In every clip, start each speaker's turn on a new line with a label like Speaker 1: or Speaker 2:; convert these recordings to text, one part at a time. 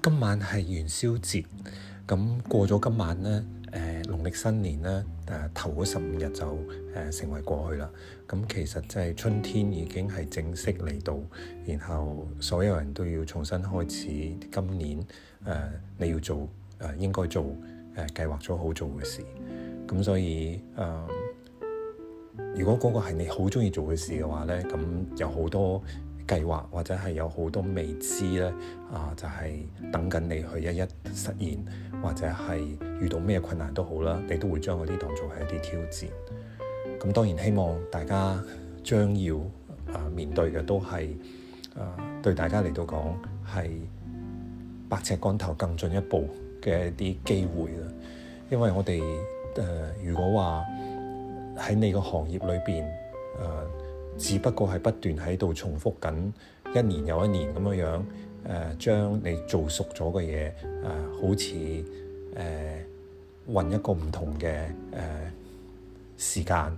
Speaker 1: 今晚係元宵節，咁過咗今晚咧，誒、呃，農曆新年咧，誒、啊，頭嗰十五日就誒、呃、成為過去啦。咁其實就係春天已經係正式嚟到，然後所有人都要重新開始今年，誒、呃，你要做誒、呃、應該做誒計劃咗好做嘅事。咁所以誒、呃，如果嗰個係你好中意做嘅事嘅話咧，咁有好多。計劃或者係有好多未知咧，啊、呃、就係、是、等緊你去一一實現，或者係遇到咩困難都好啦，你都會將嗰啲當做係一啲挑戰。咁、嗯、當然希望大家將要啊、呃、面對嘅都係啊、呃、對大家嚟到講係百尺竿頭更進一步嘅一啲機會啦。因為我哋誒、呃、如果話喺你個行業裏邊誒、呃只不過係不斷喺度重複緊一年又一年咁樣樣，誒、呃、將你做熟咗嘅嘢，誒、呃、好似誒換一個唔同嘅誒、呃、時間，誒、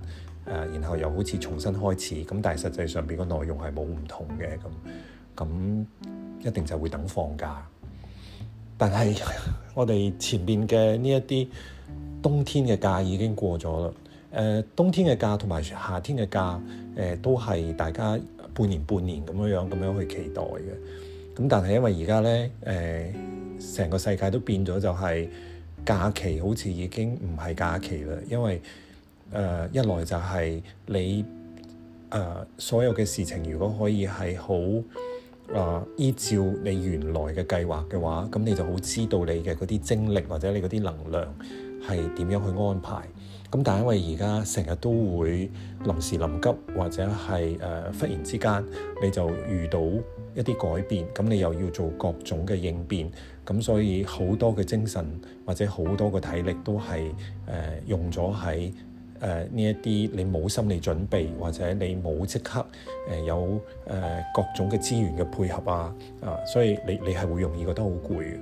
Speaker 1: 呃、然後又好似重新開始，咁但係實際上邊個內容係冇唔同嘅咁，咁、嗯嗯、一定就會等放假。但係 我哋前面嘅呢一啲冬天嘅假已經過咗啦。誒、呃、冬天嘅假同埋夏天嘅假，誒、呃、都係大家半年半年咁樣樣咁樣去期待嘅。咁但係因為而家咧，誒、呃、成個世界都變咗，就係假期好似已經唔係假期啦。因為誒、呃、一來就係你誒、呃、所有嘅事情，如果可以係好誒依照你原來嘅計劃嘅話，咁你就好知道你嘅嗰啲精力或者你嗰啲能量係點樣去安排。咁但係因為而家成日都會臨時臨急，或者係誒、呃、忽然之間你就遇到一啲改變，咁你又要做各種嘅應變，咁所以好多嘅精神或者好多嘅體力都係誒、呃、用咗喺誒呢一啲你冇心理準備或者你冇即刻誒有誒、呃、各種嘅資源嘅配合啊，啊，所以你你係會容易覺得好攰嘅。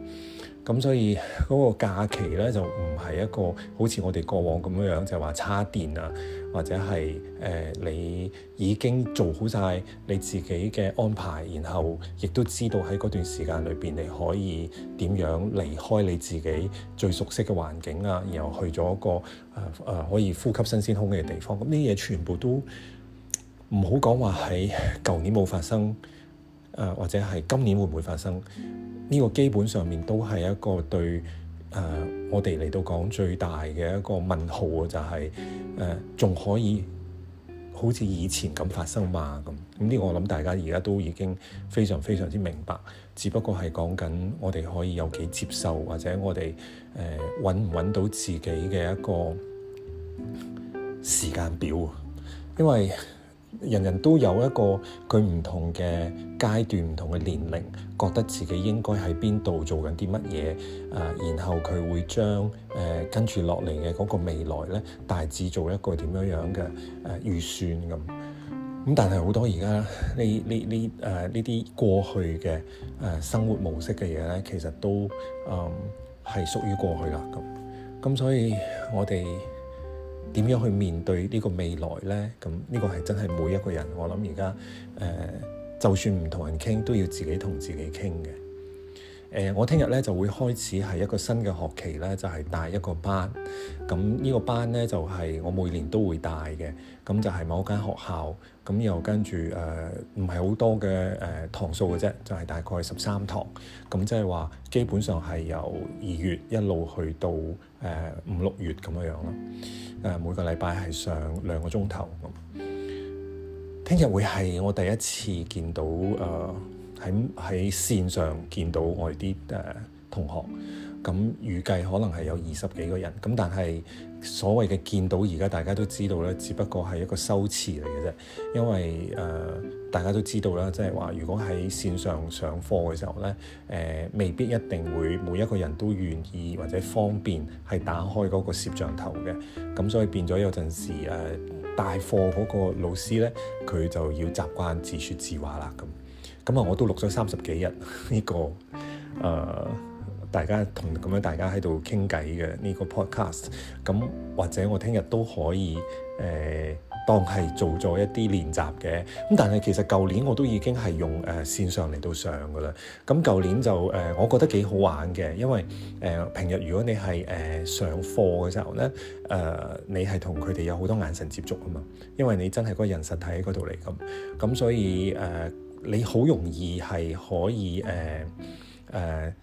Speaker 1: 咁所以嗰個假期咧就唔係一個好似我哋過往咁樣樣，就話、是、插電叉電啊，或者係誒、呃、你已經做好晒你自己嘅安排，然後亦都知道喺嗰段時間裏邊你可以點樣離開你自己最熟悉嘅環境啊，然後去咗一個誒誒、呃呃、可以呼吸新鮮空氣嘅地方。咁呢啲嘢全部都唔好講話喺舊年冇發生，誒、呃、或者係今年會唔會發生？呢個基本上面都係一個對誒、呃、我哋嚟到講最大嘅一個問號，就係誒仲可以好似以前咁發生嘛咁？呢呢，呢個、我諗大家而家都已經非常非常之明白，只不過係講緊我哋可以有幾接受，或者我哋誒揾唔揾到自己嘅一個時間表，因為。人人都有一個佢唔同嘅階段、唔同嘅年齡，覺得自己應該喺邊度做緊啲乜嘢？誒、呃，然後佢會將誒、呃、跟住落嚟嘅嗰個未來咧，大致做一個點樣、呃、樣嘅誒預算咁。咁但係好多而家呢呢呢誒呢啲過去嘅誒、呃、生活模式嘅嘢咧，其實都誒係屬於過去啦。咁咁所以我哋。點樣去面對呢個未來呢？咁呢個係真係每一個人，我諗而家誒，就算唔同人傾，都要自己同自己傾嘅。誒、呃，我聽日咧就會開始係一個新嘅學期咧，就係、是、帶一個班。咁、嗯、呢、這個班咧就係、是、我每年都會帶嘅。咁、嗯、就係、是、某間學校。咁又跟住誒，唔係好多嘅誒堂數嘅啫，就係、是、大概十三堂。咁、嗯、即係話，基本上係由二月一路去到誒五六月咁樣樣咯。誒、呃、每個禮拜係上兩個鐘頭。聽、嗯、日會係我第一次見到誒。呃喺喺線上見到我哋啲誒同學，咁預計可能係有二十幾個人。咁但係所謂嘅見到，而家大家都知道咧，只不過係一個修辭嚟嘅啫。因為誒、呃、大家都知道啦，即係話如果喺線上上課嘅時候咧，誒、呃、未必一定會每一個人都願意或者方便係打開嗰個攝像頭嘅。咁所以變咗有陣時誒帶、呃、課嗰個老師咧，佢就要習慣自説自話啦咁。咁啊、嗯！我都錄咗三十幾日呢個誒、呃，大家同咁樣大家喺度傾偈嘅呢個 podcast、嗯。咁或者我聽日都可以誒、呃、當係做咗一啲練習嘅。咁、嗯、但係其實舊年我都已經係用誒、呃、線上嚟到上噶啦。咁、嗯、舊年就誒、呃，我覺得幾好玩嘅，因為誒、呃、平日如果你係誒、呃、上課嘅時候咧，誒、呃、你係同佢哋有好多眼神接觸啊嘛，因為你真係嗰個人實體喺嗰度嚟咁，咁、嗯、所以誒。呃你好容易係可以誒誒、呃呃、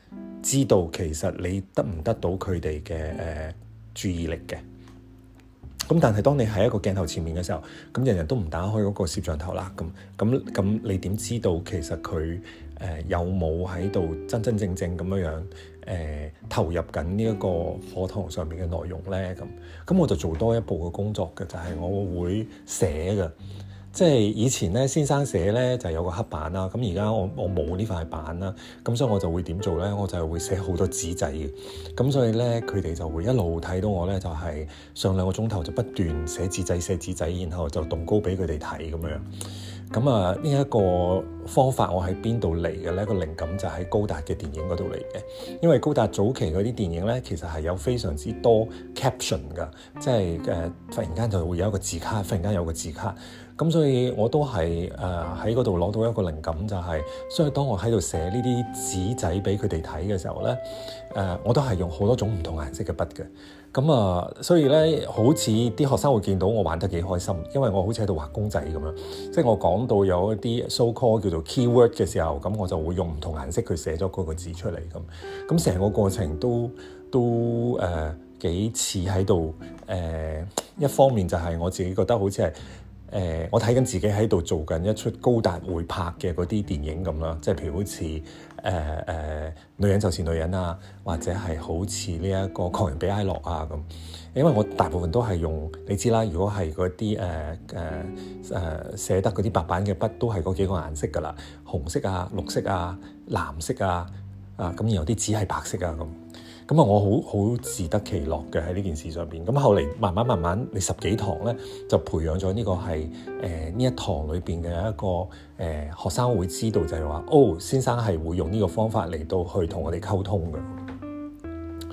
Speaker 1: 知道其實你得唔得到佢哋嘅誒注意力嘅？咁但係當你喺一個鏡頭前面嘅時候，咁人人都唔打開嗰個攝像頭啦。咁咁咁，你點知道其實佢誒、呃、有冇喺度真真正正咁樣樣誒、呃、投入緊呢一個課堂上面嘅內容咧？咁咁我就做多一步嘅工作嘅，就係、是、我會寫嘅。即係以前咧，先生寫咧就有個黑板啦。咁而家我我冇呢塊板啦，咁所以我就會點做咧？我就係會寫好多紙仔嘅。咁所以咧，佢哋就會一路睇到我咧，就係上兩個鐘頭就不斷寫紙仔寫紙仔，然後就動高俾佢哋睇咁樣。咁啊，呢一個方法我喺邊度嚟嘅咧？個靈感就喺高達嘅電影嗰度嚟嘅。因為高達早期嗰啲電影咧，其實係有非常之多 caption 㗎，即係誒忽然間就會有一個字卡，忽然間有個字卡。咁、嗯、所以我都係誒喺嗰度攞到一個靈感、就是，就係所以當我喺度寫呢啲紙仔俾佢哋睇嘅時候咧，誒、呃、我都係用好多種唔同顏色嘅筆嘅。咁、嗯、啊、呃，所以咧好似啲學生會見到我玩得幾開心，因為我好似喺度畫公仔咁樣，即係我講到有一啲 so call 叫做 keyword 嘅時候，咁我就會用唔同顏色去寫咗嗰個字出嚟咁。咁成、嗯、個過程都都誒幾似喺度誒。一方面就係我自己覺得好似係。誒、呃，我睇緊自己喺度做緊一出高達會拍嘅嗰啲電影咁啦，即係譬如好似誒誒女人就是女人啊，或者係好似呢一個抗、啊《狂人比埃洛》啊咁。因為我大部分都係用你知啦，如果係嗰啲誒誒誒寫得嗰啲白板嘅筆，都係嗰幾個顏色㗎啦，紅色啊、綠色啊、藍色啊啊咁，然後啲紙係白色啊咁。咁啊，我好好自得其樂嘅喺呢件事上邊。咁後嚟慢慢慢慢，你十幾堂咧就培養咗呢個係誒呢一堂裏邊嘅一個誒、呃、學生會知道就係話，哦，先生係會用呢個方法嚟到去同我哋溝通嘅。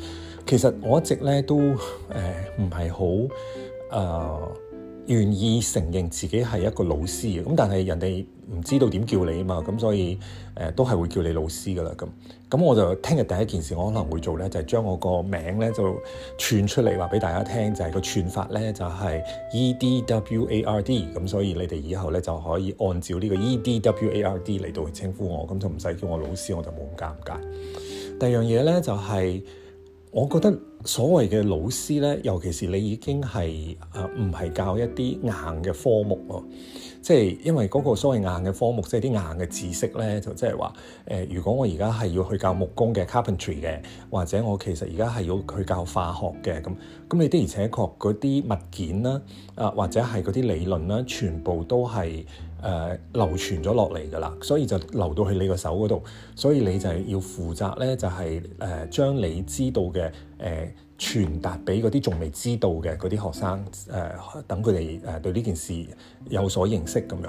Speaker 1: 其實我一直咧都誒唔係好啊。呃願意承認自己係一個老師嘅，咁但係人哋唔知道點叫你啊嘛，咁所以誒、呃、都係會叫你老師㗎喇咁。咁我就聽日第一件事我可能會做咧，就係、是、將我個名咧就串出嚟話俾大家聽，就係、是、個串法咧就係、是、E D W A R D，咁所以你哋以後咧就可以按照呢個 E D W A R D 嚟到稱呼我，咁就唔使叫我老師，我就冇咁尷尬。第二樣嘢咧就係、是、我覺得。所謂嘅老師咧，尤其是你已經係啊，唔係教一啲硬嘅科目咯，即係因為嗰個所謂硬嘅科目，即係啲硬嘅知識咧，就即係話誒，如果我而家係要去教木工嘅 carpentry 嘅，或者我其實而家係要去教化學嘅咁，咁你的而且確嗰啲物件啦啊、呃，或者係嗰啲理論啦，全部都係。誒、呃、流傳咗落嚟㗎啦，所以就流到去你個手嗰度，所以你就係要負責咧，就係、是、誒、呃、將你知道嘅誒傳達俾嗰啲仲未知道嘅嗰啲學生誒，等佢哋誒對呢件事有所認識咁樣。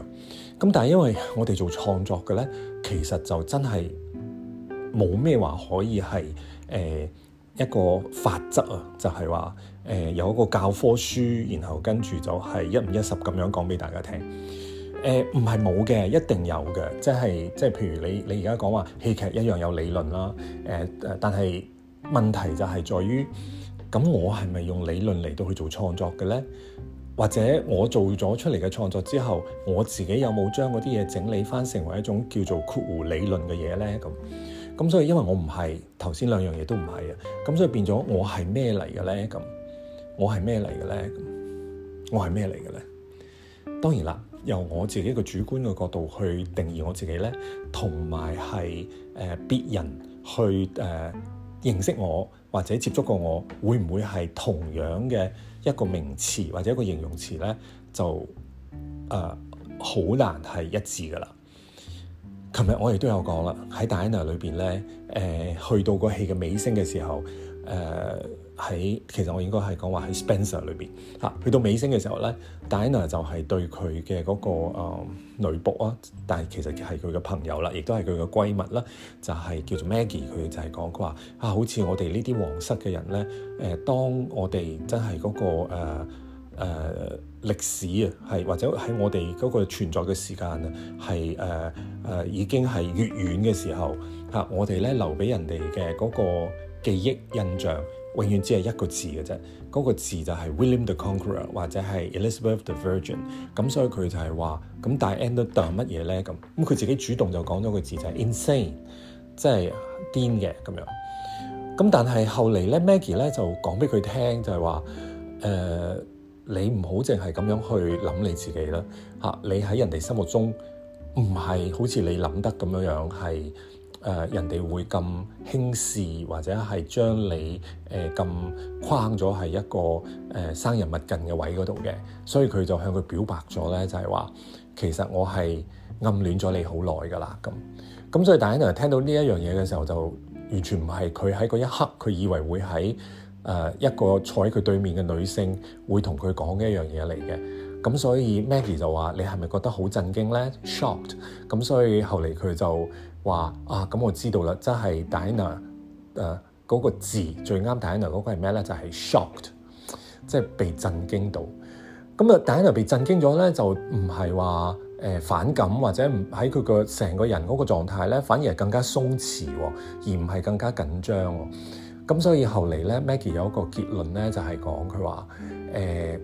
Speaker 1: 咁但係因為我哋做創作嘅咧，其實就真係冇咩話可以係誒、呃、一個法則啊，就係話誒有一個教科書，然後跟住就係一五一十咁樣講俾大家聽。誒唔係冇嘅，一定有嘅，即係即係。譬如你你而家講話戲劇一樣有理論啦。誒、呃、誒，但係問題就係在於咁，我係咪用理論嚟到去做創作嘅咧？或者我做咗出嚟嘅創作之後，我自己有冇將嗰啲嘢整理返成為一種叫做括弧理論嘅嘢咧？咁咁所以因為我唔係頭先兩樣嘢都唔係啊，咁所以變咗我係咩嚟嘅咧？咁我係咩嚟嘅咧？咁我係咩嚟嘅咧？當然啦。由我自己個主觀嘅角度去定義我自己咧，同埋係誒別人去誒、呃、認識我或者接觸過我，會唔會係同樣嘅一個名詞或者一個形容詞咧？就誒好、呃、難係一致噶啦。琴日我亦都有講啦，喺《戴安娜》裏邊咧，誒去到個戲嘅尾聲嘅時候，誒、呃。喺其實我應該係講話喺 Spencer 裏邊嚇、啊，去到尾聲嘅時候咧，Diana 就係對佢嘅嗰個、呃、女僕啊，但係其實係佢嘅朋友啦，亦都係佢嘅閨蜜啦，就係、是、叫做 Maggie。佢就係講佢話啊，好似我哋呢啲皇室嘅人咧，誒、呃，當我哋真係嗰、那個誒誒歷史啊，係或者喺我哋嗰個存在嘅時間、呃呃、啊，係誒誒已經係越遠嘅時候嚇，我哋咧留俾人哋嘅嗰個記憶印象。永遠只係一個字嘅啫，嗰、那個字就係 William the Conqueror 或者係 Elizabeth the Virgin，咁所以佢就係話咁，但係 Diana the 乜嘢咧咁，咁佢自己主動就講咗個字就係 insane，即係癲嘅咁樣。咁但係後嚟咧，Maggie 咧就講俾佢聽就係話，誒、呃、你唔好淨係咁樣去諗你自己啦，嚇、啊、你喺人哋心目中唔係好似你諗得咁樣樣係。誒、呃、人哋會咁輕視，或者係將你誒咁、呃、框咗，係一個誒、呃、生人勿近嘅位嗰度嘅，所以佢就向佢表白咗咧，就係、是、話其實我係暗戀咗你好耐㗎啦。咁咁所以 Diana 聽到呢一樣嘢嘅時候，就完全唔係佢喺嗰一刻佢以為會喺誒、呃、一個坐喺佢對面嘅女性會同佢講嘅一樣嘢嚟嘅。咁所以 Maggie 就話：你係咪覺得好震驚咧？shocked 咁，Shock 所以後嚟佢就。話啊，咁、嗯、我知道啦，真係戴安娜誒嗰個字最啱戴安娜嗰個係咩咧？就係、是、shocked，即係被震驚到。咁、嗯、啊，戴安娜被震驚咗咧，就唔係話誒反感或者唔喺佢個成個人嗰個狀態咧，反而係更加鬆弛、哦，而唔係更加緊張、哦。咁所以後嚟咧，Maggie 有一個結論咧，就係講佢話誒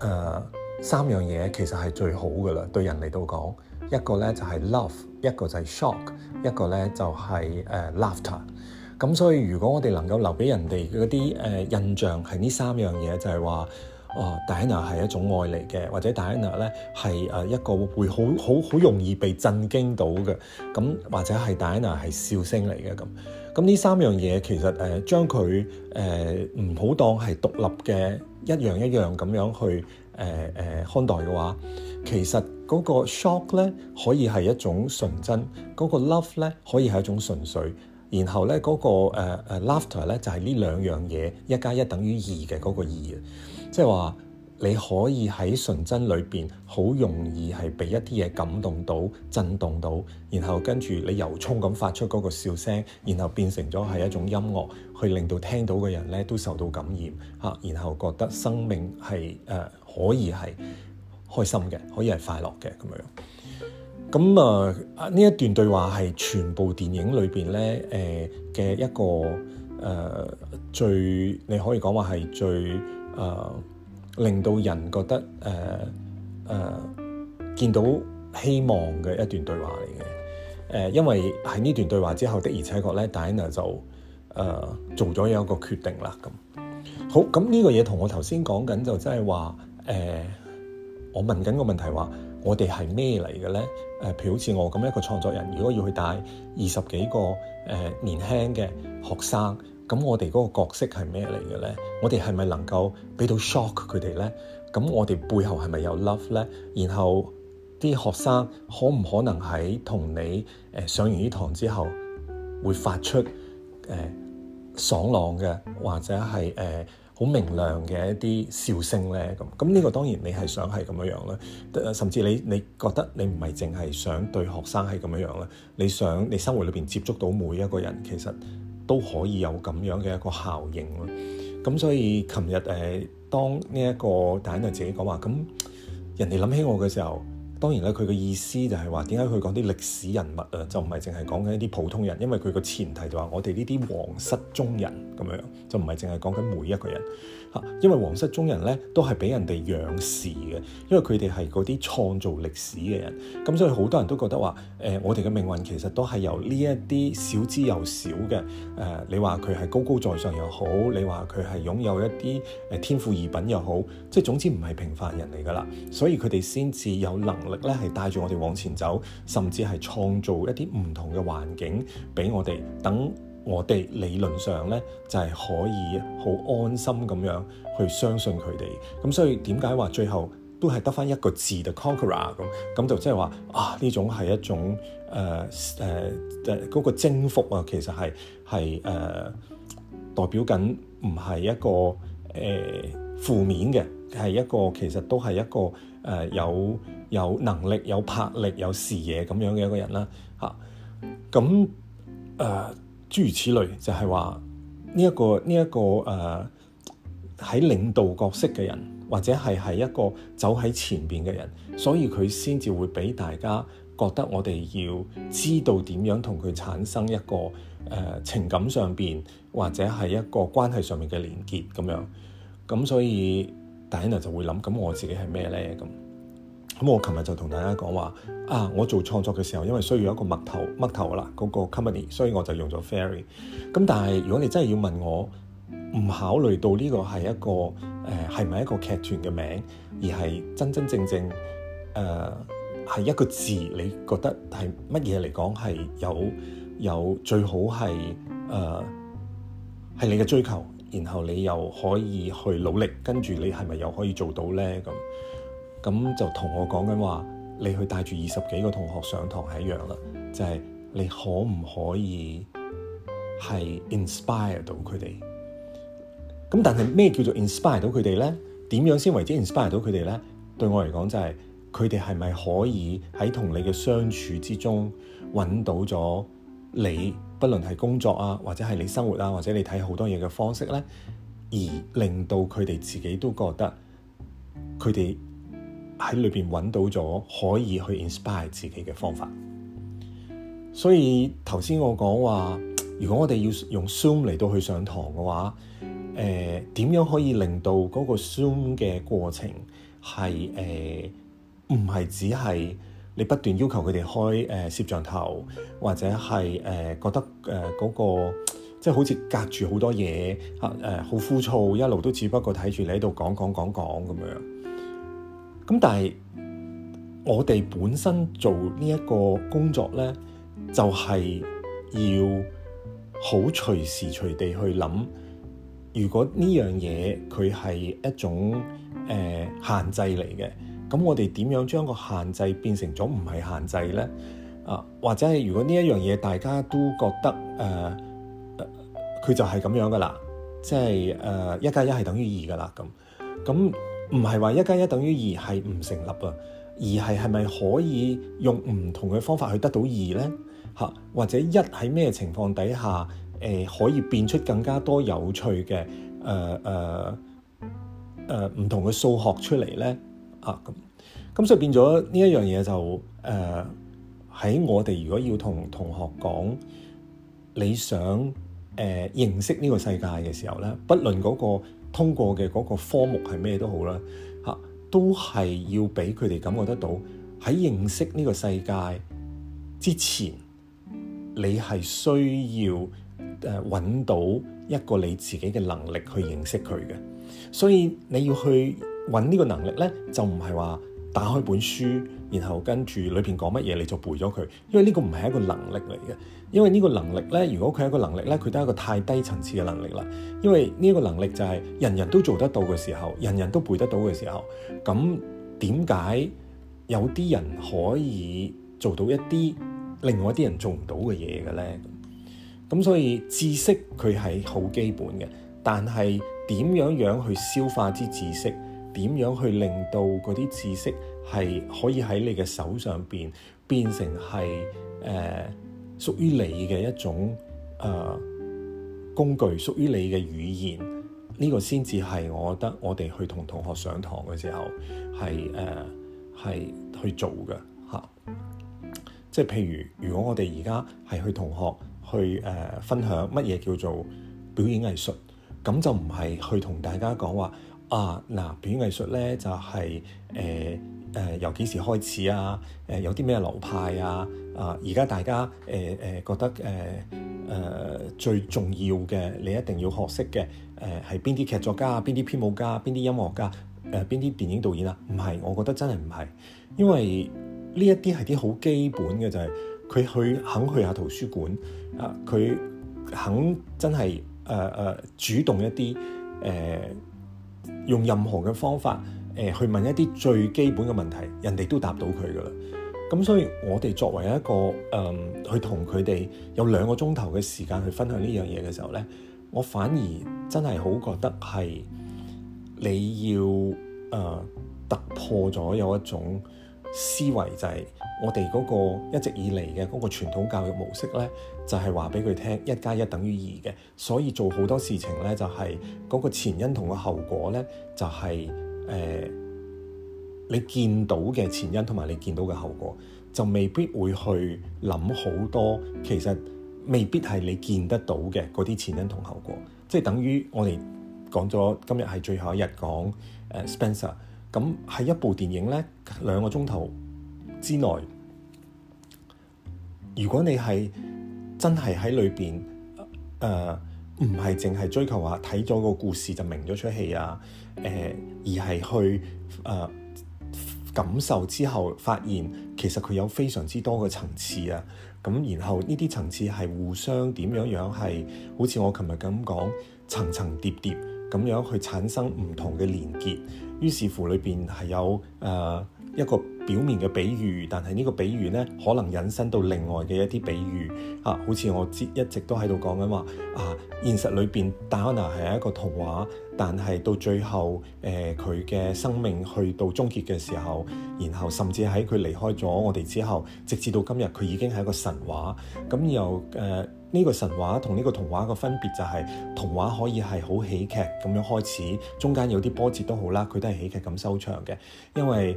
Speaker 1: 誒三樣嘢其實係最好噶啦，對人嚟到講。一個咧就係、是、love，一個就係 shock，一個咧就係、是、誒 laughter。咁所以如果我哋能夠留俾人哋嗰啲誒印象係呢三樣嘢，就係、是、話哦，戴安娜係一種愛嚟嘅，或者 d i 戴安娜咧係誒一個會好好好容易被震驚到嘅，咁或者係戴安娜係笑聲嚟嘅咁。咁呢三樣嘢其實誒將佢誒唔好當係獨立嘅一樣一樣咁樣去誒誒、呃呃、看待嘅話，其實。嗰、個 shock 咧可以係一種純真，嗰、個 love 咧可以係一種純粹，然後咧嗰、個誒 laughter 咧就係呢兩樣嘢一加一等於二嘅嗰個二，即係話你可以喺純真裏邊好容易係畀一啲嘢感動到、震動到，然後跟住你由衷咁發出嗰個笑聲，然後變成咗係一種音樂，去令到聽到嘅人咧都受到感染啊，然後覺得生命係誒、呃、可以係。開心嘅，可以係快樂嘅咁樣，咁啊呢一段對話係全部電影裏邊咧，誒、呃、嘅一個誒、呃、最你可以講話係最誒、呃、令到人覺得誒誒、呃呃、見到希望嘅一段對話嚟嘅。誒、呃，因為喺呢段對話之後的而且確咧，Diana 就誒、呃、做咗有一個決定啦。咁好，咁呢個嘢同我頭先講緊就真係話誒。呃我問緊個問題話：我哋係咩嚟嘅咧？誒，譬如好似我咁一個創作人，如果要去帶二十幾個誒、呃、年輕嘅學生，咁我哋嗰個角色係咩嚟嘅咧？我哋係咪能夠俾到 shock 佢哋咧？咁我哋背後係咪有 love 咧？然後啲學生可唔可能喺同你誒、呃、上完呢堂之後會發出誒、呃、爽朗嘅，或者係誒，呃好明亮嘅一啲笑聲咧，咁咁呢個當然你係想係咁樣樣啦，甚至你你覺得你唔係淨係想對學生係咁樣樣啦，你想你生活裏邊接觸到每一個人，其實都可以有咁樣嘅一個效應咯。咁所以琴日誒，當呢一個大亨自己講話，咁人哋諗起我嘅時候，當然咧佢嘅意思就係話點解佢講啲歷史人物啊，就唔係淨係講緊一啲普通人，因為佢個前提就話我哋呢啲皇室中人。咁樣就唔係淨係講緊每一個人嚇，因為皇室中人咧都係俾人哋仰視嘅，因為佢哋係嗰啲創造歷史嘅人，咁所以好多人都覺得話：誒、呃，我哋嘅命運其實都係由呢一啲少之又少嘅誒、呃，你話佢係高高在上又好，你話佢係擁有一啲誒天賦異稟又好，即係總之唔係平凡人嚟噶啦，所以佢哋先至有能力咧係帶住我哋往前走，甚至係創造一啲唔同嘅環境俾我哋等。我哋理論上咧，就係、是、可以好安心咁樣去相信佢哋。咁所以點解話最後都係得返一個字嘅 conqueror 咁？咁 就即係話啊，呢種係一種誒誒誒嗰個征服啊，其實係係誒代表緊唔係一個誒、呃、負面嘅，係一個其實都係一個誒、呃、有有能力、有魄力、有視野咁樣嘅一個人啦、啊。嚇咁誒。諸如此類，就係話呢一個呢一、這個誒喺、呃、領導角色嘅人，或者係係一個走喺前邊嘅人，所以佢先至會俾大家覺得我哋要知道點樣同佢產生一個誒、呃、情感上邊或者係一個關係上面嘅連結咁樣，咁所以大 a 就會諗，咁我自己係咩呢？咁？咁我琴日就同大家講話啊，我做創作嘅時候，因為需要一個嘜頭嘜頭啦，嗰個 company，所以我就用咗 Fairy。咁但係如果你真係要問我，唔考慮到呢個係一個誒係咪一個劇團嘅名，而係真真正正誒係、呃、一個字，你覺得係乜嘢嚟講係有有最好係誒係你嘅追求，然後你又可以去努力，跟住你係咪又可以做到咧咁？咁就同我講緊話，你去帶住二十幾個同學上堂係一樣啦，就係、是、你可唔可以係 inspire 到佢哋？咁但係咩叫做 inspire 到佢哋呢？點樣先為之 inspire 到佢哋呢？對我嚟講、就是，就係佢哋係咪可以喺同你嘅相處之中揾到咗你，不論係工作啊，或者係你生活啊，或者你睇好多嘢嘅方式呢，而令到佢哋自己都覺得佢哋，喺裏邊揾到咗可以去 inspire 自己嘅方法，所以頭先我講話，如果我哋要用 Zoom 嚟到去上堂嘅話，誒，點樣可以令到嗰個 Zoom 嘅過程係誒，唔係只係你不斷要求佢哋開誒攝像頭，或者係誒覺得誒嗰個即係好似隔住好多嘢，誒好枯燥，一路都只不過睇住你喺度講講講講咁樣。咁但係我哋本身做呢一個工作咧，就係、是、要好隨時隨地去諗，如果呢樣嘢，佢係一種誒、呃、限制嚟嘅，咁我哋點樣將個限制變成咗唔係限制咧？啊、呃，或者係如果呢一樣嘢大家都覺得誒，佢、呃、就係咁樣噶啦，即係誒一加一係等於二噶啦咁，咁。嗯唔係話一加一等於二係唔成立啊，而係係咪可以用唔同嘅方法去得到二呢？嚇，或者一喺咩情況底下，誒、呃、可以變出更加多有趣嘅誒誒誒唔同嘅數學出嚟呢？啊咁，咁所以變咗呢一樣嘢就誒喺、呃、我哋如果要同同學講你想誒、呃、認識呢個世界嘅時候呢，不論嗰、那個。通過嘅嗰個科目係咩都好啦，嚇，都係要俾佢哋感覺得到喺認識呢個世界之前，你係需要誒揾到一個你自己嘅能力去認識佢嘅，所以你要去揾呢個能力咧，就唔係話。打開本書，然後跟住裏邊講乜嘢你就背咗佢，因為呢個唔係一個能力嚟嘅。因為呢個能力呢，如果佢係一個能力呢，佢都係一個太低層次嘅能力啦。因為呢個能力就係人人都做得到嘅時候，人人都背得到嘅時候，咁點解有啲人可以做到一啲另外一啲人做唔到嘅嘢嘅呢？咁所以知識佢係好基本嘅，但係點樣樣去消化啲知識？點樣去令到嗰啲知識係可以喺你嘅手上邊變成係誒屬於你嘅一種誒、呃、工具，屬於你嘅語言呢、呢個先至係我覺得我哋去同同學上堂嘅時候係誒係去做嘅嚇、啊。即係譬如，如果我哋而家係去同學去誒、呃、分享乜嘢叫做表演藝術，咁就唔係去同大家講話。啊嗱，表演藝術咧就係誒誒由幾時開始啊？誒、呃、有啲咩流派啊？啊而家大家誒誒、呃呃、覺得誒誒、呃呃、最重要嘅，你一定要學識嘅誒係邊啲劇作家啊？邊啲編舞家？邊啲音樂家？誒邊啲電影導演啊？唔係，我覺得真係唔係，因為呢一啲係啲好基本嘅，就係、是、佢去肯去下圖書館啊，佢、呃、肯真係誒誒主動一啲誒。呃呃用任何嘅方法，誒、呃、去問一啲最基本嘅問題，人哋都答到佢噶啦。咁所以，我哋作為一個誒、呃，去同佢哋有兩個鐘頭嘅時間去分享呢樣嘢嘅時候呢，我反而真係好覺得係你要誒、呃、突破咗有一種思維，就係、是、我哋嗰個一直以嚟嘅嗰個傳統教育模式呢。就係話俾佢聽一加一等於二嘅，所以做好多事情呢，就係、是、嗰個前因同個後果呢，就係、是、誒、呃、你見到嘅前因同埋你見到嘅後果，就未必會去諗好多，其實未必係你見得到嘅嗰啲前因同後果，即係等於我哋講咗今日係最後一日講、呃、Spencer，咁係一部電影呢，兩個鐘頭之內，如果你係。真係喺裏邊誒，唔係淨係追求話睇咗個故事就明咗出戲啊！誒、呃，而係去誒、呃、感受之後，發現其實佢有非常之多嘅層次啊！咁、嗯、然後呢啲層次係互相點樣樣係，好似我琴日咁講，層層疊疊咁樣去產生唔同嘅連結。於是乎，裏面係，裏邊係有誒。一個表面嘅比喻，但係呢個比喻呢，可能引申到另外嘅一啲比喻嚇、啊，好似我接一直都喺度講緊話啊。現實裏邊，戴安 a 係一個童話，但係到最後，誒佢嘅生命去到終結嘅時候，然後甚至喺佢離開咗我哋之後，直至到今日，佢已經係一個神話。咁又誒呢個神話同呢個童話嘅分別就係、是、童話可以係好喜劇咁樣開始，中間有啲波折好都好啦，佢都係喜劇咁收場嘅，因為。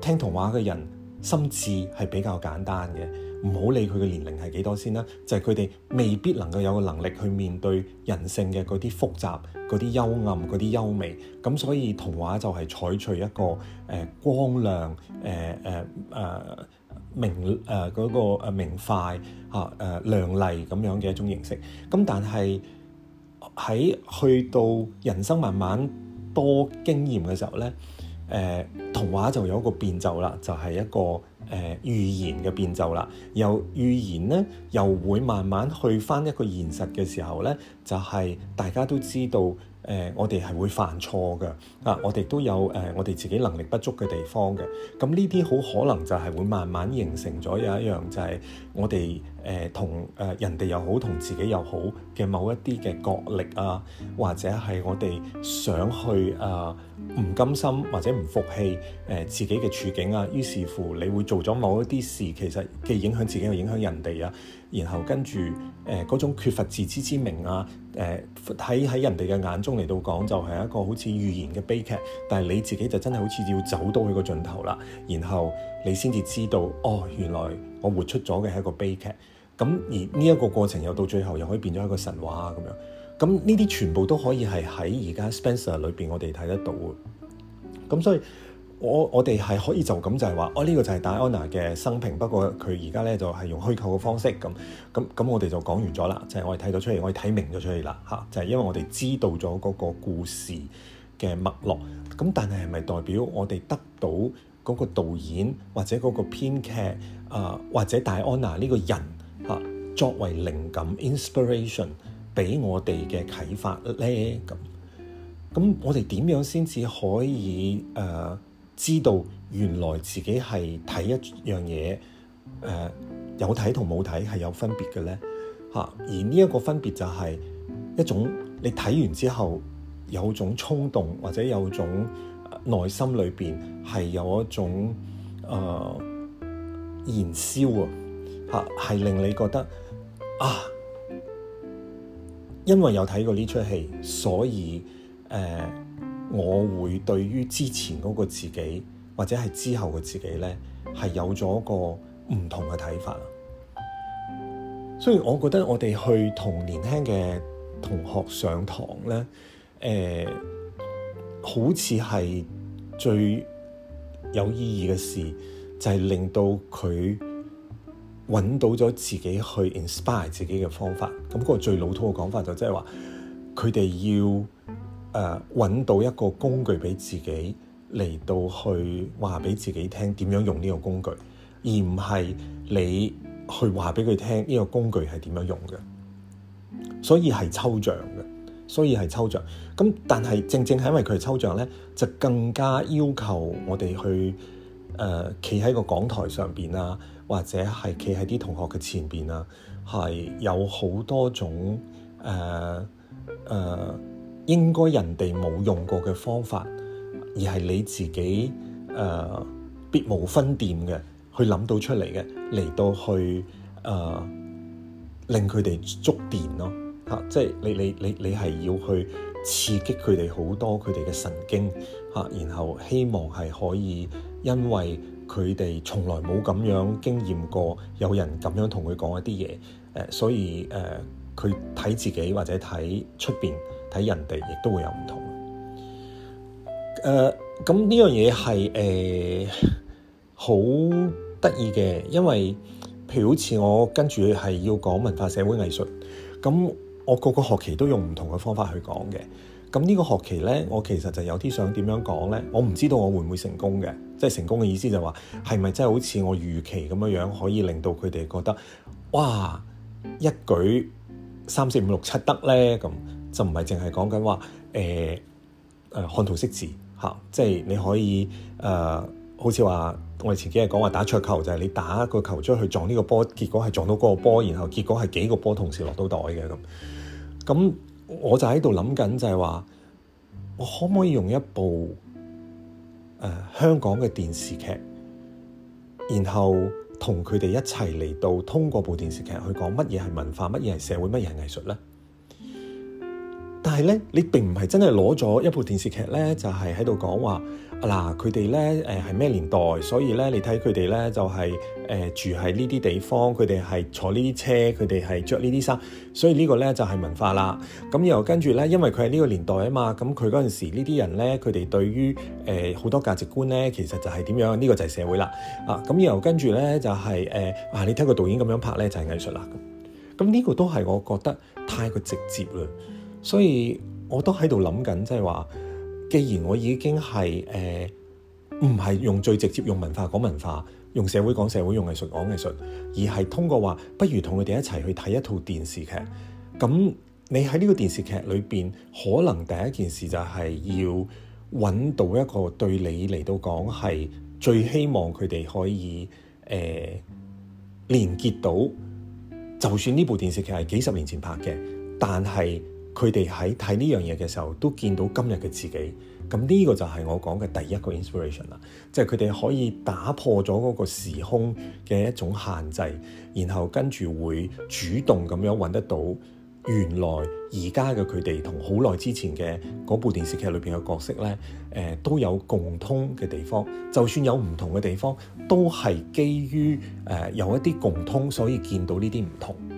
Speaker 1: 聽童話嘅人心智係比較簡單嘅，唔好理佢嘅年齡係幾多先啦，就係佢哋未必能夠有個能力去面對人性嘅嗰啲複雜、嗰啲幽暗、嗰啲優美，咁所以童話就係採取一個誒、呃、光亮、誒誒誒明誒嗰、呃嗰個明快嚇誒、呃、亮麗咁樣嘅一種形式。咁但係喺去到人生慢慢多經驗嘅時候咧。誒童話就有一個變奏啦，就係、是、一個誒寓、呃、言嘅變奏啦。又寓言呢，又會慢慢去返一個現實嘅時候呢，就係、是、大家都知道。誒、呃，我哋係會犯錯嘅，啊，我哋都有誒、呃，我哋自己能力不足嘅地方嘅，咁呢啲好可能就係會慢慢形成咗有一樣就係我哋誒、呃、同誒、呃、人哋又好，同自己又好嘅某一啲嘅角力啊，或者係我哋想去啊，唔、呃、甘心或者唔服氣誒、呃、自己嘅處境啊，於是乎你會做咗某一啲事，其實既影響自己又影響人哋啊，然後跟住誒嗰種缺乏自知之明啊。誒，喺喺人哋嘅眼中嚟到講就係、是、一個好似寓言嘅悲劇，但係你自己就真係好似要走到去個盡頭啦，然後你先至知道哦，原來我活出咗嘅係一個悲劇，咁、嗯、而呢一個過程又到最後又可以變咗一個神話啊咁樣，咁呢啲全部都可以係喺而家 Spencer 裏邊我哋睇得到，咁、嗯、所以。我我哋係可以就咁就係話，我、哦、呢、呢個就係戴安娜嘅生平，不過佢而家咧就係、是、用虛構嘅方式咁，咁咁我哋就講完咗啦，就係、是、我哋睇到出嚟，我哋睇明咗出嚟啦嚇，就係、是、因為我哋知道咗嗰個故事嘅脈絡，咁但係係咪代表我哋得到嗰個導演或者嗰個編劇啊、呃，或者戴安娜呢個人嚇、啊、作為靈感 inspiration 俾我哋嘅啟發咧？咁咁我哋點樣先至可以誒？呃知道原來自己係睇一樣嘢、呃，有睇同冇睇係有分別嘅呢。嚇、啊，而呢一個分別就係一種你睇完之後有種衝動，或者有種內心裏邊係有一種、呃、燃燒啊嚇，係、啊、令你覺得啊，因為有睇過呢出戲，所以誒。呃我會對於之前嗰個自己，或者係之後嘅自己呢，係有咗個唔同嘅睇法。所以我覺得我哋去同年輕嘅同學上堂呢，誒，好似係最有意義嘅事，就係令到佢揾到咗自己去 inspire 自己嘅方法。咁個最老土嘅講法就即係話，佢哋要。誒揾、uh, 到一個工具俾自己嚟到去話俾自己聽點樣用呢個工具，而唔係你去話俾佢聽呢個工具係點樣用嘅，所以係抽象嘅，所以係抽象。咁但係正正係因為佢係抽象咧，就更加要求我哋去誒企喺個講台上邊啊，或者係企喺啲同學嘅前邊啊，係有好多種誒誒。呃呃應該人哋冇用過嘅方法，而係你自己誒別、呃、無分店嘅，去諗到出嚟嘅，嚟到去誒、呃、令佢哋觸電咯嚇、啊，即係你你你你係要去刺激佢哋好多佢哋嘅神經嚇、啊，然後希望係可以因為佢哋從來冇咁樣經驗過有人咁樣同佢講一啲嘢，誒、啊、所以誒佢睇自己或者睇出面。睇人哋亦都會有唔同誒。咁呢樣嘢係誒好得意嘅，因為譬如好似我跟住係要講文化、社會、藝術咁，我個個學期都用唔同嘅方法去講嘅。咁呢個學期咧，我其實就有啲想點樣講咧，我唔知道我會唔會成功嘅，即係成功嘅意思就係話係咪真係好似我預期咁樣樣可以令到佢哋覺得哇一舉三四五六七得咧咁。就唔係淨係講緊話，誒誒看圖識字嚇，即係你可以誒、呃，好似話我哋前幾日講話打桌球就係、是、你打個球出去撞呢個波，結果係撞到嗰個波，然後結果係幾個波同時落到袋嘅咁。咁我就喺度諗緊就係話，我可唔可以用一部誒、呃、香港嘅電視劇，然後同佢哋一齊嚟到通過部電視劇去講乜嘢係文化，乜嘢係社會，乜嘢係藝術咧？但係咧，你並唔係真係攞咗一部電視劇咧，就係喺度講話嗱，佢哋咧誒係咩年代，所以咧你睇佢哋咧就係、是、誒、呃、住喺呢啲地方，佢哋係坐呢啲車，佢哋係着呢啲衫，所以個呢個咧就係、是、文化啦。咁又跟住咧，因為佢係呢個年代啊嘛，咁佢嗰陣時呢啲人咧，佢哋對於誒好多價值觀咧，其實就係點樣呢、呢個就係社會啦啊。咁然後跟住咧就係、是、誒、呃、啊，你睇個導演咁樣拍咧就係、是、藝術啦。咁呢個都係我覺得太過直接啦。所以我都喺度諗緊，即係話，既然我已經係誒唔係用最直接用文化講文化，用社會講社會，用藝術講藝術，而係通過話不如同佢哋一齊去睇一套電視劇，咁你喺呢個電視劇裏邊可能第一件事就係要揾到一個對你嚟到講，係最希望佢哋可以誒、呃、連結到，就算呢部電視劇係幾十年前拍嘅，但係。佢哋喺睇呢樣嘢嘅時候，都見到今日嘅自己。咁呢個就係我講嘅第一個 inspiration 啦，即係佢哋可以打破咗嗰個時空嘅一種限制，然後跟住會主動咁樣揾得到原來而家嘅佢哋同好耐之前嘅嗰部電視劇裏邊嘅角色咧，誒、呃、都有共通嘅地方。就算有唔同嘅地方，都係基於誒、呃、有一啲共通，所以見到呢啲唔同。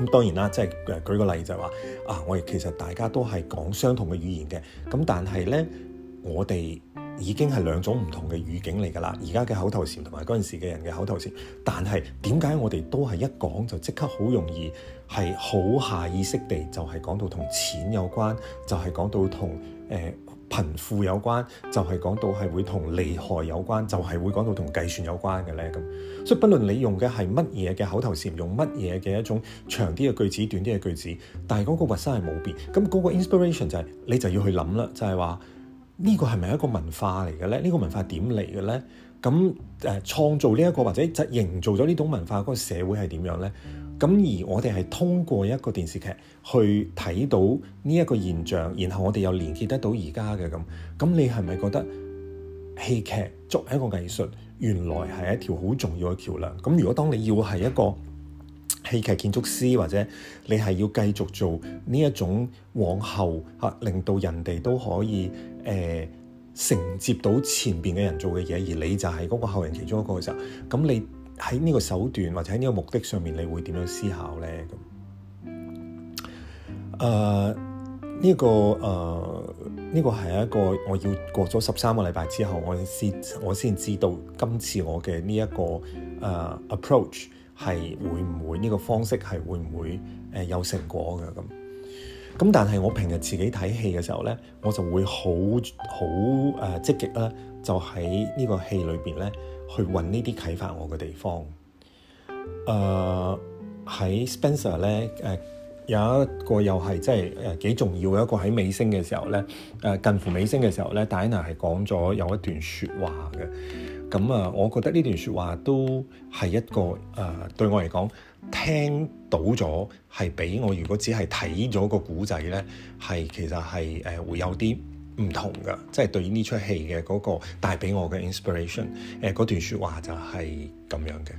Speaker 1: 咁當然啦，即係誒舉個例就係話啊，我哋其實大家都係講相同嘅語言嘅，咁但係呢，我哋已經係兩種唔同嘅語境嚟㗎啦。而家嘅口頭禪同埋嗰陣時嘅人嘅口頭禪，但係點解我哋都係一講就即刻好容易係好下意識地就係講到同錢有關，就係、係、講到同誒、呃貧富有關，就係、是、講到係會同利害有關，就係、是、會講到同計算有關嘅咧。咁所以，不論你用嘅係乜嘢嘅口頭禪，用乜嘢嘅一種長啲嘅句子、短啲嘅句子，但係嗰個核心係冇變。咁嗰個 inspiration 就係、是、你就要去諗啦，就係話呢個係咪一個文化嚟嘅咧？呢、這個文化點嚟嘅咧？咁誒、呃、創造呢、這、一個或者就營造咗呢種文化嗰個社會係點樣咧？咁而我哋係通過一個電視劇去睇到呢一個現象，然後我哋又連結得到而家嘅咁。咁你係咪覺得戲劇作為一個藝術，原來係一條好重要嘅橋梁？咁如果當你要係一個戲劇建築師，或者你係要繼續做呢一種往後嚇，令到人哋都可以誒、呃、承接到前面嘅人做嘅嘢，而你就係嗰個後人其中一個嘅時候，咁你？喺呢個手段或者喺呢個目的上面，你會點樣思考呢？咁誒呢個誒呢個係一個我要過咗十三個禮拜之後，我先我先知道今次我嘅呢一個誒、呃、approach 係會唔會呢個方式係會唔會誒有成果嘅咁。咁但係我平日自己睇戲嘅時候呢，我就會好好誒積極啦，就喺呢個戲裏邊呢。去揾呢啲啟發我嘅地方。誒、呃、喺 Spencer 咧，誒、呃、有一個又係即係誒幾重要嘅一個喺尾聲嘅時候咧，誒、呃、近乎尾聲嘅時候咧，戴 a n a 係講咗有一段説話嘅。咁、嗯、啊，我覺得呢段説話都係一個誒、呃、對我嚟講聽到咗係俾我如果只係睇咗個古仔咧，係其實係誒會有啲。唔同㗎，即係對於呢出戲嘅嗰個帶畀我嘅 inspiration，誒、呃、嗰段説話就係咁樣嘅。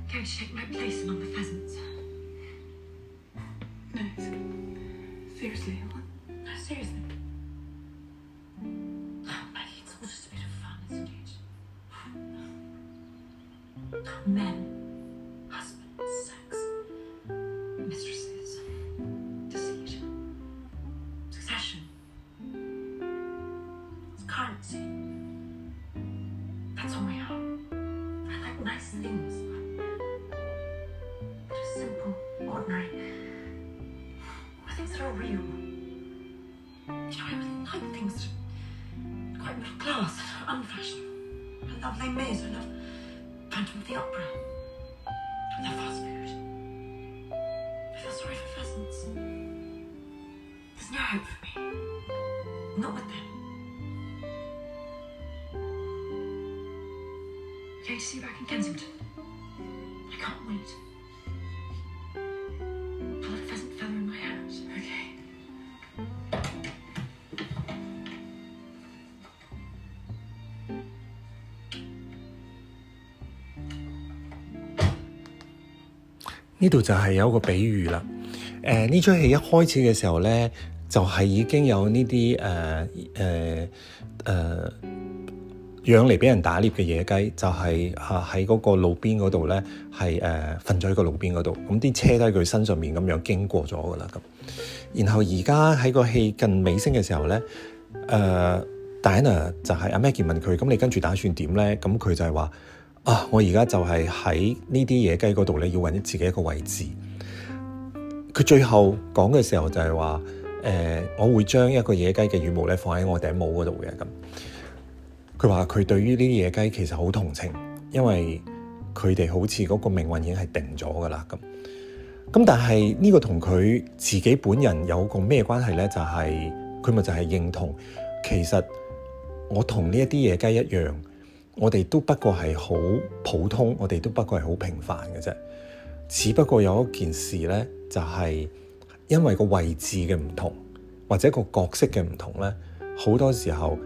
Speaker 1: 呢度就係有一個比喻啦。誒、呃，呢出戲一開始嘅時候咧，就係、是、已經有呢啲誒誒誒養嚟俾人打獵嘅野雞，就係啊喺嗰個路邊嗰度咧，係誒瞓咗喺個路邊嗰度。咁、嗯、啲車都喺佢身上面咁樣經過咗噶啦。咁，然後而家喺個戲近尾聲嘅時候咧，誒、呃、戴安娜就係、是、阿、啊、Maggie 問佢：咁、嗯、你跟住打算點咧？咁、嗯、佢就係話。啊！我而家就係喺呢啲野雞嗰度咧，要揾自己一個位置。佢最後講嘅時候就係話，誒、呃，我會將一個野雞嘅羽毛咧放喺我頂帽嗰度嘅咁。佢話佢對於呢啲野雞其實好同情，因為佢哋好似嗰個命運已經係定咗噶啦咁。咁但係呢個同佢自己本人有個咩關係呢？就係佢咪就係認同，其實我同呢一啲野雞一樣。我哋都不過係好普通，我哋都不過係好平凡嘅啫。只不過有一件事咧，就係因為個位置嘅唔同，或者個角色嘅唔同咧，好多時候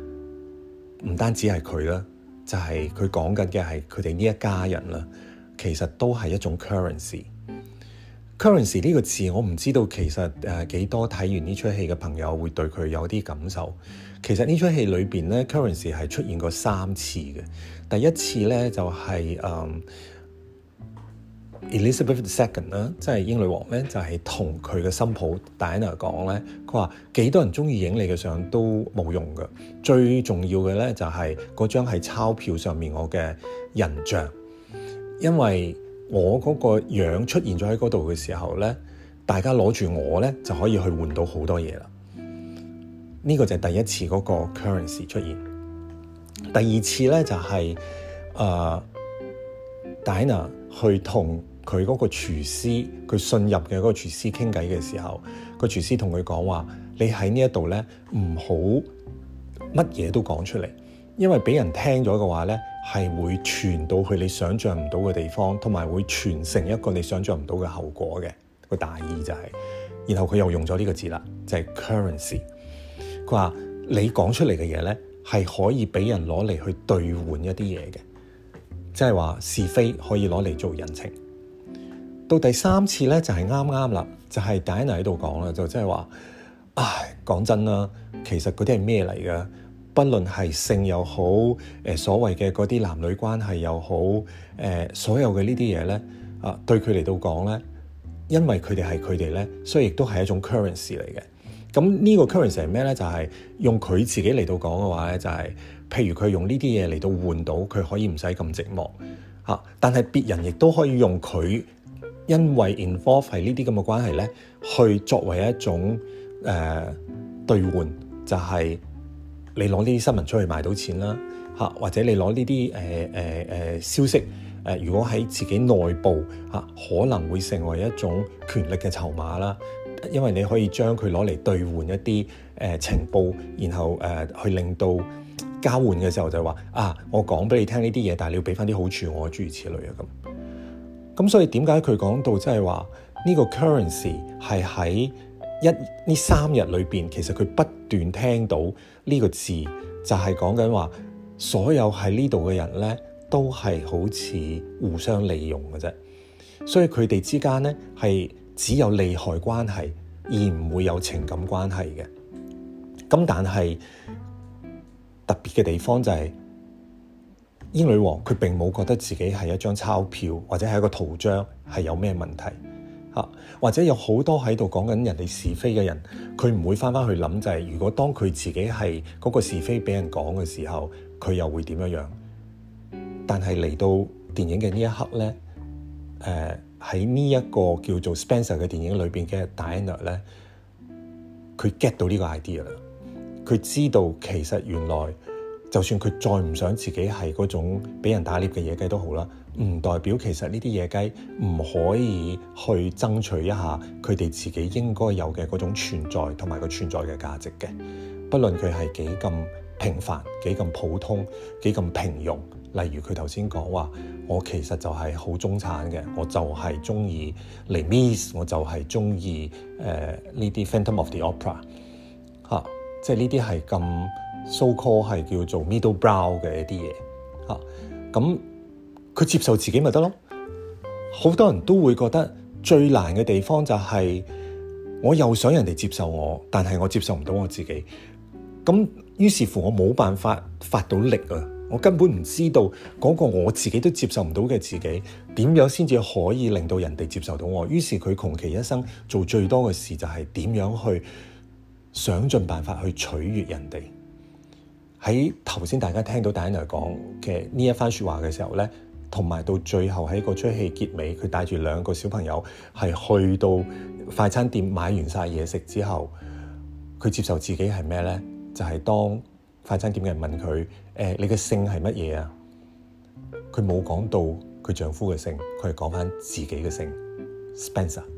Speaker 1: 唔單止係佢啦，就係佢講緊嘅係佢哋呢一家人啦，其實都係一種 currency。Currency 呢個字，我唔知道其實誒、呃、幾多睇完呢出戲嘅朋友會對佢有啲感受。其實裡呢出戲裏邊咧，Currency 係出現過三次嘅。第一次咧就係、是嗯、Elizabeth II 啦、啊，即係英女王咧，就係同佢嘅新抱 Diana 講咧，佢話幾多人中意影你嘅相都冇用㗎，最重要嘅咧就係、是、嗰張係鈔票上面我嘅人像，因為，我嗰個樣出現咗喺嗰度嘅時候咧，大家攞住我咧就可以去換到好多嘢啦。呢、這個就係第一次嗰個 currency 出現。第二次咧就係、是、啊、呃、Diana 去同佢嗰個廚師，佢信任嘅嗰個廚師傾偈嘅時候，個廚師同佢講話：你喺呢一度咧唔好乜嘢都講出嚟，因為俾人聽咗嘅話咧。係會傳到去你想象唔到嘅地方，同埋會傳承一個你想象唔到嘅後果嘅、那個大意就係、是，然後佢又用咗呢個字啦，就係、是、currency。佢話你講出嚟嘅嘢咧，係可以俾人攞嚟去兌換一啲嘢嘅，即係話是非可以攞嚟做人情。到第三次咧就係啱啱啦，就係戴 n a 喺度講啦，就即係話，唉，講真啦，其實嗰啲係咩嚟噶？不論係性又好，誒、呃、所謂嘅嗰啲男女關係又好，誒、呃、所有嘅呢啲嘢咧，啊對佢嚟到講咧，因為佢哋係佢哋咧，所以亦都係一種 currency 嚟嘅。咁呢個 currency 係咩咧？就係、是、用佢自己嚟到講嘅話咧，就係、是、譬如佢用呢啲嘢嚟到換到佢可以唔使咁寂寞啊。但係別人亦都可以用佢，因為 involve 係呢啲咁嘅關係咧，去作為一種誒兌換，就係、是。你攞呢啲新聞出去賣到錢啦，嚇、啊、或者你攞呢啲誒誒誒消息誒、呃，如果喺自己內部嚇、啊，可能會成為一種權力嘅籌碼啦，因為你可以將佢攞嚟兌換一啲誒、呃、情報，然後誒、呃、去令到交換嘅時候就係話啊，我講俾你聽呢啲嘢，但係你要俾翻啲好處我，諸如此類啊咁。咁所以點解佢講到即係話呢個 currency 係喺？一呢三日裏邊，其實佢不斷聽到呢個字，就係講緊話，所有喺呢度嘅人咧，都係好似互相利用嘅啫。所以佢哋之間咧係只有利害關係，而唔會有情感關係嘅。咁但係特別嘅地方就係、是，英女王佢並冇覺得自己係一張鈔票或者係一個圖章係有咩問題。啊、或者有好多喺度講緊人哋是非嘅人，佢唔會翻翻去諗就係、是，如果當佢自己係嗰個是非俾人講嘅時候，佢又會點樣樣？但係嚟到電影嘅呢一刻咧，誒喺呢一個叫做 Spencer 嘅電影裏邊嘅 Diana 咧，佢 get 到呢個 idea 啦，佢知道其實原來就算佢再唔想自己係嗰種俾人打獵嘅野雞都好啦。唔代表其實呢啲野雞唔可以去爭取一下佢哋自己應該有嘅嗰種存在同埋個存在嘅價值嘅，不論佢係幾咁平凡、幾咁普通、幾咁平庸。例如佢頭先講話，我其實就係好中產嘅，我就係中意 Les Mis，我就係中意誒呢啲 Phantom of the Opera 嚇、啊，即係呢啲係咁 so called 係叫做 middle brow 嘅一啲嘢嚇，咁、啊。佢接受自己咪得咯？好多人都會覺得最難嘅地方就係我又想人哋接受我，但係我接受唔到我自己。咁於是乎我冇辦法發到力啊！我根本唔知道嗰個我自己都接受唔到嘅自己，點樣先至可以令到人哋接受到我？於是佢窮其一生做最多嘅事就係點樣去想盡辦法去取悅人哋。喺頭先大家聽到戴安娜嚟講，嘅呢一番說話嘅時候咧。同埋到最後喺個出戲結尾，佢帶住兩個小朋友係去到快餐店買完晒嘢食之後，佢接受自己係咩咧？就係、是、當快餐店嘅人問佢：誒、欸，你嘅姓係乜嘢啊？佢冇講到佢丈夫嘅姓，佢係講返自己嘅姓 Spencer。